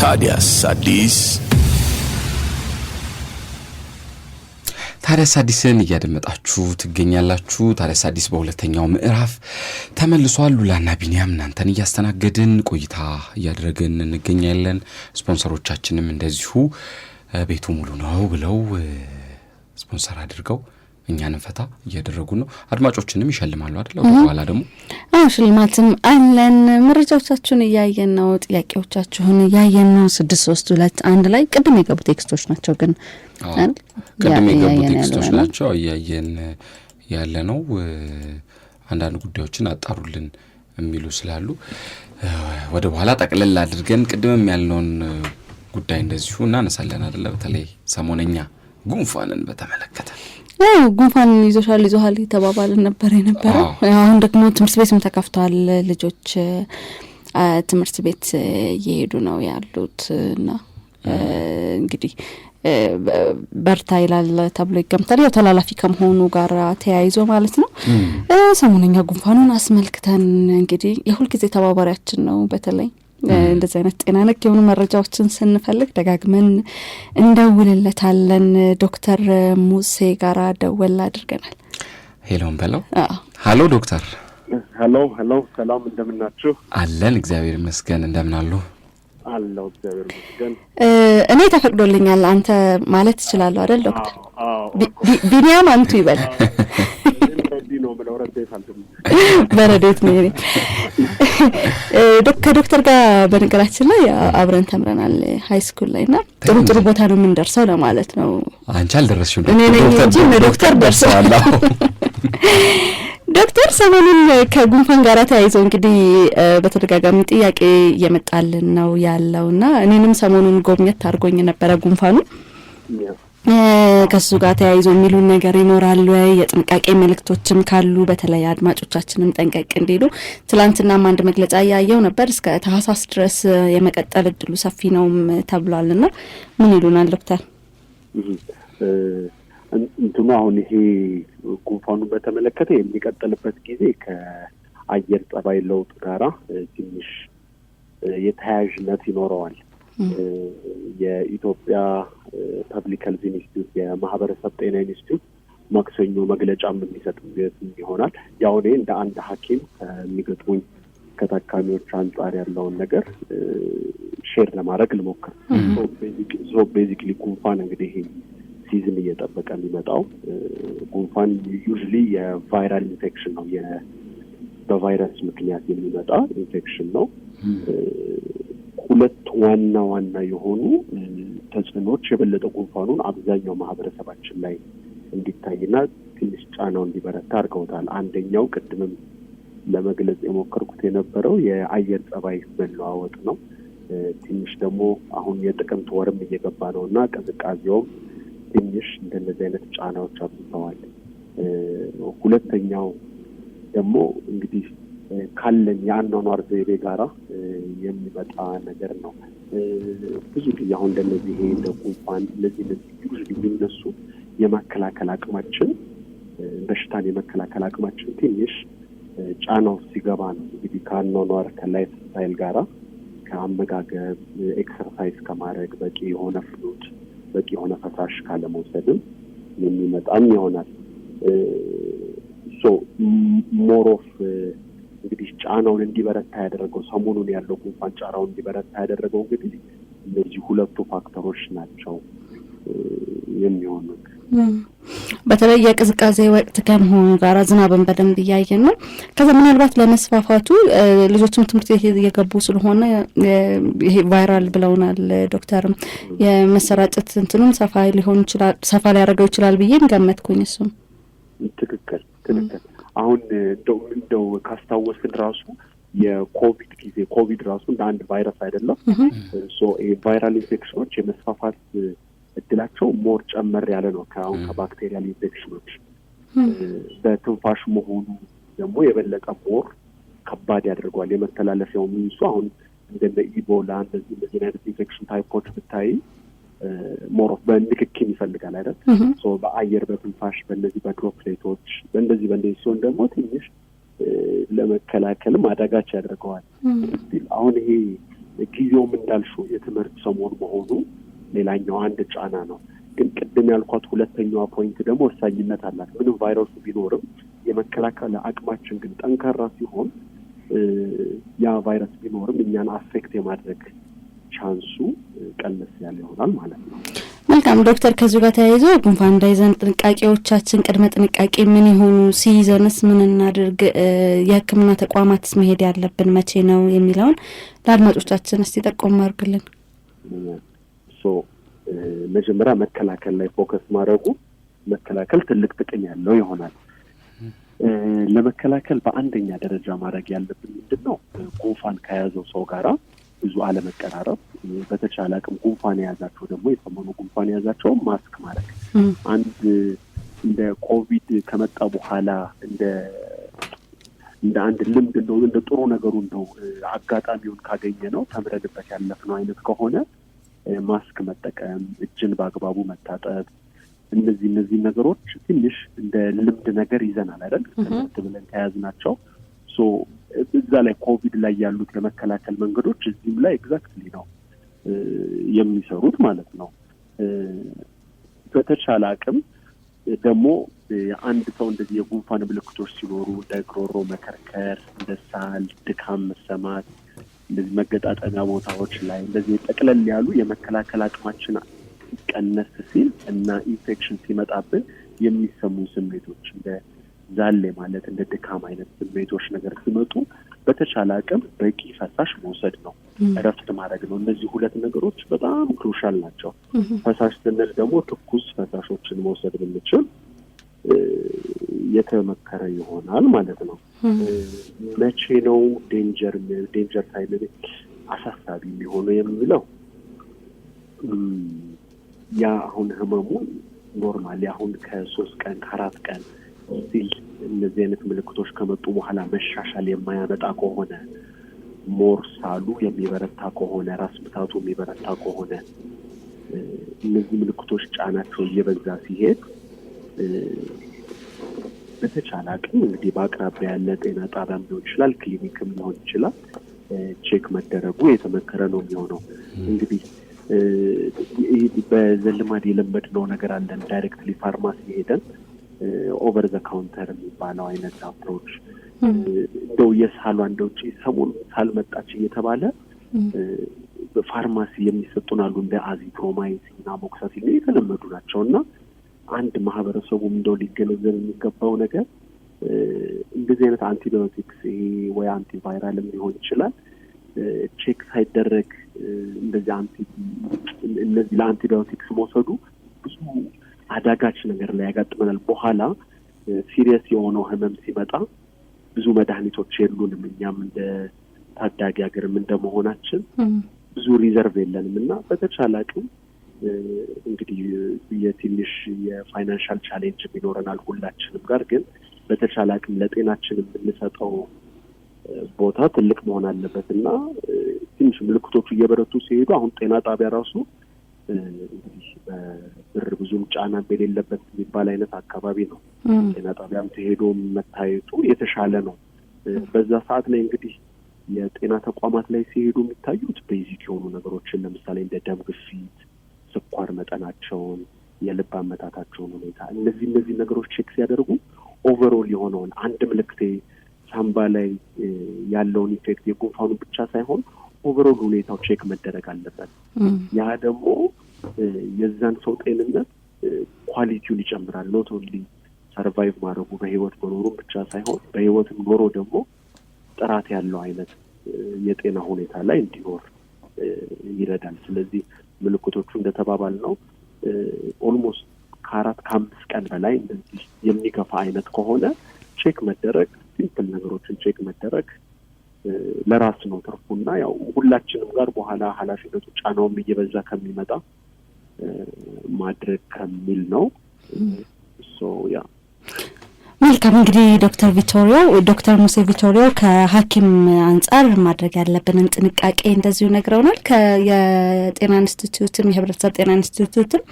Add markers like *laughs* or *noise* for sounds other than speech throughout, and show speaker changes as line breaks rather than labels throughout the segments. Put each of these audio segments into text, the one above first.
ታዲያስ አዲስ ታዲያስ አዲስን እያደመጣችሁ ትገኛላችሁ። ታዲያስ አዲስ በሁለተኛው ምዕራፍ ተመልሷል። ሉላና ቢንያም እናንተን እያስተናገድን ቆይታ እያደረግን እንገኛለን። ስፖንሰሮቻችንም እንደዚሁ ቤቱ ሙሉ ነው ብለው ስፖንሰር አድርገው እኛንም ፈታ እያደረጉ ነው። አድማጮችንም ይሸልማሉ አደለ? በኋላ ደግሞ
አዎ ሽልማትም አለን። መረጃዎቻችሁን እያየን ነው፣ ጥያቄዎቻችሁን እያየን ነው። ስድስት ሶስት ሁለት አንድ ላይ ቅድም የገቡ ቴክስቶች ናቸው፣ ግን
ቅድም የገቡ ቴክስቶች ናቸው እያየን ያለ ነው። አንዳንድ ጉዳዮችን አጣሩልን የሚሉ ስላሉ ወደ በኋላ ጠቅልል አድርገን ቅድምም ያልነውን ጉዳይ እንደዚሁ እናነሳለን አደለ? በተለይ ሰሞነኛ ጉንፋንን በተመለከተ
ጉንፋን ይዞሻል ይዞሃል የተባባልን ነበር የነበረው። አሁን ደግሞ ትምህርት ቤትም ተከፍተዋል። ልጆች ትምህርት ቤት እየሄዱ ነው ያሉት እና እንግዲህ በርታ ይላል ተብሎ ይገምታል። ያው ተላላፊ ከመሆኑ ጋር ተያይዞ ማለት ነው። ሰሞነኛ ጉንፋኑን አስመልክተን እንግዲህ የሁልጊዜ ተባባሪያችን ነው በተለይ እንደዚህ አይነት ጤና ነክ የሆኑ መረጃዎችን ስንፈልግ ደጋግመን እንደውልለታለን። ዶክተር ሙሴ ጋራ ደወል አድርገናል።
ሄሎን በለው። ሀሎ ዶክተር።
ሀሎ ሀሎ። ሰላም እንደምናችሁ?
አለን እግዚአብሔር ይመስገን። እንደምን አሉ?
አለው እግዚአብሔር ይመስገን።
እኔ ተፈቅዶልኛል። አንተ ማለት ትችላለሁ አይደል ዶክተር? ቢኒያም አንቱ ይበል። በረዴት ነው። *laughs* ከዶክተር ጋር በነገራችን ላይ አብረን ተምረናል ሀይ ስኩል ላይ እና ጥሩ ጥሩ ቦታ ነው የምንደርሰው ለማለት ነው።
አንቺ አልደረስሽም፣ እኔ
ነኝ እንጂ ዶክተር ደርሰዋል። ዶክተር ሰሞኑን ከጉንፋን ጋር ተያይዞ እንግዲህ በተደጋጋሚ ጥያቄ እየመጣልን ነው ያለው እና እኔንም ሰሞኑን ጎብኘት አድርጎኝ ነበረ ጉንፋኑ ከሱ ጋር ተያይዞ የሚሉን ነገር ይኖራል ወይ? የጥንቃቄ መልእክቶችም ካሉ በተለይ አድማጮቻችንም ጠንቀቅ እንዲሉ ትላንትናም አንድ መግለጫ እያየው ነበር። እስከ ታህሳስ ድረስ የመቀጠል እድሉ ሰፊ ነውም ተብሏል። እና ምን ይሉናል ዶክተር?
እንትኑ አሁን ይሄ ጉንፋኑን በተመለከተ የሚቀጥልበት ጊዜ ከአየር ጠባይ ለውጥ ጋራ ትንሽ የተያያዥነት ይኖረዋል። የኢትዮጵያ ፐብሊክ ሄልዝ ኢንስቲትዩት የማህበረሰብ ጤና ኢንስቲትዩት ማክሰኞ መግለጫም የሚሰጥበት ይሆናል። ያው እኔ እንደ አንድ ሐኪም ከሚገጥሙኝ ከታካሚዎች አንጻር ያለውን ነገር ሼር ለማድረግ ልሞክር። ሶ ቤዚክሊ ጉንፋን እንግዲህ ሲዝን እየጠበቀ የሚመጣው ጉንፋን ዩዝሊ የቫይራል ኢንፌክሽን ነው። በቫይረስ ምክንያት የሚመጣ ኢንፌክሽን ነው። ሁለት ዋና ዋና የሆኑ ተጽዕኖዎች የበለጠ ጉንፋኑን አብዛኛው ማህበረሰባችን ላይ እንዲታይና ትንሽ ጫናው እንዲበረታ አድርገውታል። አንደኛው ቅድምም ለመግለጽ የሞከርኩት የነበረው የአየር ጸባይ መለዋወጥ ነው። ትንሽ ደግሞ አሁን የጥቅምት ወርም እየገባ ነው እና ቅዝቃዜውም ትንሽ እንደነዚህ አይነት ጫናዎች አብዝተዋል። ሁለተኛው ደግሞ እንግዲህ ካለኝ የአኗኗር ዘይቤ ጋራ የሚመጣ ነገር ነው። ብዙ ጊዜ አሁን እንደነዚህ ይሄ እንደ ጉንፋን እነዚህ እነዚህ ብዙ ጊዜ የሚነሱ የመከላከል አቅማችን በሽታን የመከላከል አቅማችን ትንሽ ጫና ውስጥ ሲገባ ነው እንግዲህ ከአኗኗር ከላይፍ ስታይል ጋራ ከአመጋገብ፣ ኤክሰርሳይዝ ከማድረግ በቂ የሆነ ፍሉት በቂ የሆነ ፈሳሽ ካለመውሰድም የሚመጣም ይሆናል ሶ ሞር እንግዲህ ጫናውን እንዲበረታ ያደረገው ሰሞኑን ያለው ጉንፋን ጫራውን እንዲበረታ ያደረገው እንግዲህ እነዚህ ሁለቱ ፋክተሮች ናቸው የሚሆኑት።
በተለይ የቅዝቃዜ ወቅት ከመሆኑ ጋር ዝናብን በደንብ እያየን ነው። ከዛ ምናልባት ለመስፋፋቱ ልጆችም ትምህርት ቤት እየገቡ ስለሆነ ይሄ ቫይራል ብለውናል ዶክተርም የመሰራጨት እንትኑም ሰፋ ሊሆን ይችላል ሰፋ ሊያደርገው ይችላል ብዬ ገመትኩኝ። እሱም
ትክክል ትክክል አሁን እንደው እንደው ካስታወስን ራሱ የኮቪድ ጊዜ ኮቪድ ራሱ እንደ አንድ ቫይረስ አይደለም። ሶ ቫይራል ኢንፌክሽኖች የመስፋፋት እድላቸው ሞር ጨመር ያለ ነው ከአሁን ከባክቴሪያል ኢንፌክሽኖች። በትንፋሽ መሆኑ ደግሞ የበለጠ ሞር ከባድ ያደርገዋል። የመተላለፊያው ሚንሱ አሁን እንደ ኢቦላ እንደዚህ እንደዚህ አይነት ኢንፌክሽን ታይፖች ብታይ ሞሮ በንክኪም ይፈልጋል አይደል? በአየር በትንፋሽ በእነዚህ በድሮፕሌቶች በእንደዚህ በእንደዚህ ሲሆን ደግሞ ትንሽ ለመከላከልም አዳጋች ያደርገዋል። አሁን ይሄ ጊዜውም እንዳልሹ የትምህርት ሰሞን መሆኑ ሌላኛው አንድ ጫና ነው። ግን ቅድም ያልኳት ሁለተኛዋ ፖይንት ደግሞ ወሳኝነት አላት። ምንም ቫይረሱ ቢኖርም የመከላከል አቅማችን ግን ጠንካራ ሲሆን ያ ቫይረስ ቢኖርም እኛን አፌክት የማድረግ ቻንሱ ቀነስ ያለ ይሆናል ማለት ነው።
መልካም ዶክተር፣ ከዚሁ ጋር ተያይዞ ጉንፋን እንዳይዘን ጥንቃቄዎቻችን፣ ቅድመ ጥንቃቄ ምን የሆኑ ሲይዘንስ ምን እናድርግ፣ የህክምና ተቋማትስ መሄድ ያለብን መቼ ነው የሚለውን ለአድማጮቻችን እስቲ ጠቆም አድርግልን።
መጀመሪያ መከላከል ላይ ፎከስ ማድረጉ መከላከል ትልቅ ጥቅም ያለው ይሆናል። ለመከላከል በአንደኛ ደረጃ ማድረግ ያለብን ምንድን ነው? ጉንፋን ከያዘው ሰው ጋራ ብዙ አለመቀራረብ፣ በተቻለ አቅም ጉንፋን የያዛቸው ደግሞ የሰሞኑ ጉንፋን የያዛቸውን ማስክ ማድረግ አንድ እንደ ኮቪድ ከመጣ በኋላ እንደ እንደ አንድ ልምድ እንደሆነ እንደ ጥሩ ነገሩ እንደው አጋጣሚውን ካገኘ ነው ተምረንበት ያለፍነው አይነት ከሆነ ማስክ መጠቀም፣ እጅን በአግባቡ መታጠብ እነዚህ እነዚህ ነገሮች ትንሽ እንደ ልምድ ነገር ይዘናል አይደል? ትምህርት ብለን ተያዝናቸው ሶ እዛ ላይ ኮቪድ ላይ ያሉት የመከላከል መንገዶች እዚህም ላይ ኤግዛክትሊ ነው የሚሰሩት ማለት ነው። በተቻለ አቅም ደግሞ አንድ ሰው እንደዚህ የጉንፋን ምልክቶች ሲኖሩ እንደ ግሮሮ መከርከር፣ እንደ ሳል፣ ድካም መሰማት፣ እንደዚህ መገጣጠሚያ ቦታዎች ላይ እንደዚህ ጠቅለል ያሉ የመከላከል አቅማችን ቀነስ ሲል እና ኢንፌክሽን ሲመጣብን የሚሰሙ ስሜቶች እንደ ዛሌ ማለት እንደ ድካም አይነት ስሜቶች ነገር ሲመጡ በተቻለ አቅም በቂ ፈሳሽ መውሰድ ነው፣ እረፍት ማድረግ ነው። እነዚህ ሁለት ነገሮች በጣም ክሩሻል ናቸው። ፈሳሽ ስንል ደግሞ ትኩስ ፈሳሾችን መውሰድ ብንችል የተመከረ ይሆናል ማለት ነው። መቼ ነው ዴንጀር ዴንጀር ታይም አሳሳቢ የሚሆነው የምንለው ያ አሁን ህመሙ ኖርማል አሁን ከሶስት ቀን ከአራት ቀን ሲል እነዚህ አይነት ምልክቶች ከመጡ በኋላ መሻሻል የማያመጣ ከሆነ ሞር ሳሉ የሚበረታ ከሆነ ራስ ምታቱ የሚበረታ ከሆነ እነዚህ ምልክቶች ጫናቸው እየበዛ ሲሄድ በተቻለ አቅም እንግዲህ በአቅራቢያ ያለ ጤና ጣቢያም ሊሆን ይችላል፣ ክሊኒክም ሊሆን ይችላል፣ ቼክ መደረጉ የተመከረ ነው የሚሆነው። እንግዲህ በዘልማድ የለመድነው ነገር አለን። ዳይሬክትሊ ፋርማሲ ሄደን ኦቨር ዘ ካውንተር የሚባለው አይነት አፕሮች እንደው የሳሏ እንደ ውጭ ሰሞኑ ሳልመጣች እየተባለ ፋርማሲ የሚሰጡን አሉ እንደ አዚትሮማይሲን እና ሞክሳሲን የተለመዱ ናቸው እና አንድ ማህበረሰቡ እንደው ሊገነዘብ የሚገባው ነገር እንደዚህ አይነት አንቲቢዮቲክስ ይሄ ወይ አንቲቫይራልም ሊሆን ይችላል ቼክ ሳይደረግ እንደዚህ አንቲ እነዚህ ለአንቲቢዮቲክስ መውሰዱ ብዙ አዳጋች ነገር ላይ ያጋጥመናል። በኋላ ሲሪየስ የሆነው ህመም ሲመጣ ብዙ መድኃኒቶች የሉንም። እኛም እንደ ታዳጊ ሀገርም እንደመሆናችን ብዙ ሪዘርቭ የለንም እና በተቻለ አቅም እንግዲህ የትንሽ የፋይናንሻል ቻሌንጅ ይኖረናል ሁላችንም ጋር ግን በተቻለ አቅም ለጤናችን የምንሰጠው ቦታ ትልቅ መሆን አለበት እና ትንሽ ምልክቶቹ እየበረቱ ሲሄዱ አሁን ጤና ጣቢያ ራሱ እንግዲህ በብር ብዙም ጫና የሌለበት የሚባል አይነት አካባቢ ነው። ጤና ጣቢያም ተሄዶ መታየቱ የተሻለ ነው። በዛ ሰዓት ላይ እንግዲህ የጤና ተቋማት ላይ ሲሄዱ የሚታዩት ቤዚክ የሆኑ ነገሮችን ለምሳሌ እንደ ደም ግፊት፣ ስኳር መጠናቸውን፣ የልብ አመታታቸውን ሁኔታ እነዚህ እነዚህ ነገሮች ቼክ ሲያደርጉ ኦቨሮል የሆነውን አንድ ምልክቴ ሳምባ ላይ ያለውን ኢፌክት የጉንፋኑ ብቻ ሳይሆን ኦቨሮል ሁኔታው ቼክ መደረግ አለበት። ያ ደግሞ የዛን ሰው ጤንነት ኳሊቲውን ይጨምራል። ኖት ኦንሊ ሰርቫይቭ ማድረጉ በህይወት መኖሩን ብቻ ሳይሆን በህይወትም ኖሮ ደግሞ ጥራት ያለው አይነት የጤና ሁኔታ ላይ እንዲኖር ይረዳል። ስለዚህ ምልክቶቹ እንደተባባል ነው ኦልሞስት ከአራት ከአምስት ቀን በላይ እንደዚህ የሚገፋ አይነት ከሆነ ቼክ መደረግ ሲምፕል ነገሮችን ቼክ መደረግ ለራስ ነው ትርፉና ያው ሁላችንም ጋር በኋላ ኃላፊነቱ ጫናውም እየበዛ ከሚመጣ ማድረግ ከሚል ነው
ያ መልካም እንግዲህ ዶክተር ቪቶሪዮ ዶክተር ሙሴ ቪቶሪዮ ከሐኪም አንጻር ማድረግ ያለብንን ጥንቃቄ እንደዚሁ ነግረውናል። የጤና ኢንስቲትዩትም የህብረተሰብ ጤና ኢንስቲትዩትም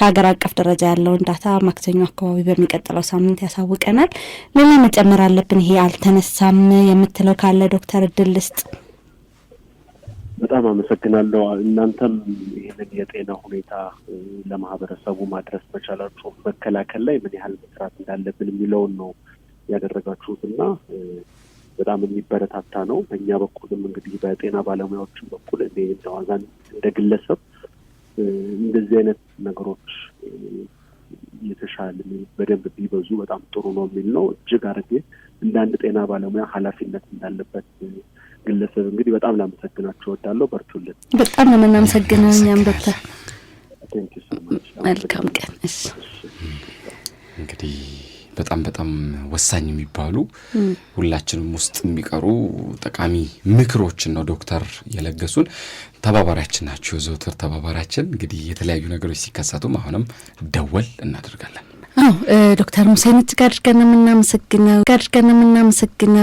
ከሀገር አቀፍ ደረጃ ያለውን ዳታ ማክሰኞ አካባቢ በሚቀጥለው ሳምንት ያሳውቀናል። ሌላ መጨመር አለብን ይሄ አልተነሳም የምትለው ካለ ዶክተር እድል ልስጥ።
በጣም አመሰግናለሁ። እናንተም ይህንን የጤና ሁኔታ ለማህበረሰቡ ማድረስ መቻላችሁ መከላከል ላይ ምን ያህል መስራት እንዳለብን የሚለውን ነው ያደረጋችሁት እና በጣም የሚበረታታ ነው። በእኛ በኩልም እንግዲህ በጤና ባለሙያዎችን በኩል እኔ እንደ ግለሰብ እንደዚህ አይነት ነገሮች የተሻለ በደንብ ቢበዙ በጣም ጥሩ ነው የሚል ነው። እጅግ አድርጌ እንደ አንድ ጤና ባለሙያ ኃላፊነት እንዳለበት ግለሰብ እንግዲህ በጣም ላመሰግናችሁ እወዳለሁ። በርቱልን።
በጣም ነው የምናመሰግነው እኛም ዶክተር። መልካም ቀን።
እንግዲህ በጣም በጣም ወሳኝ የሚባሉ ሁላችንም ውስጥ የሚቀሩ ጠቃሚ ምክሮችን ነው ዶክተር የለገሱን። ተባባሪያችን ናቸው፣ የዘውትር ተባባሪያችን። እንግዲህ የተለያዩ ነገሮች ሲከሰቱም አሁንም ደወል እናደርጋለን።
አዎ ዶክተር ሙሴን እጅግ አድርገን የምናመሰግነው አድርገን የምናመሰግነው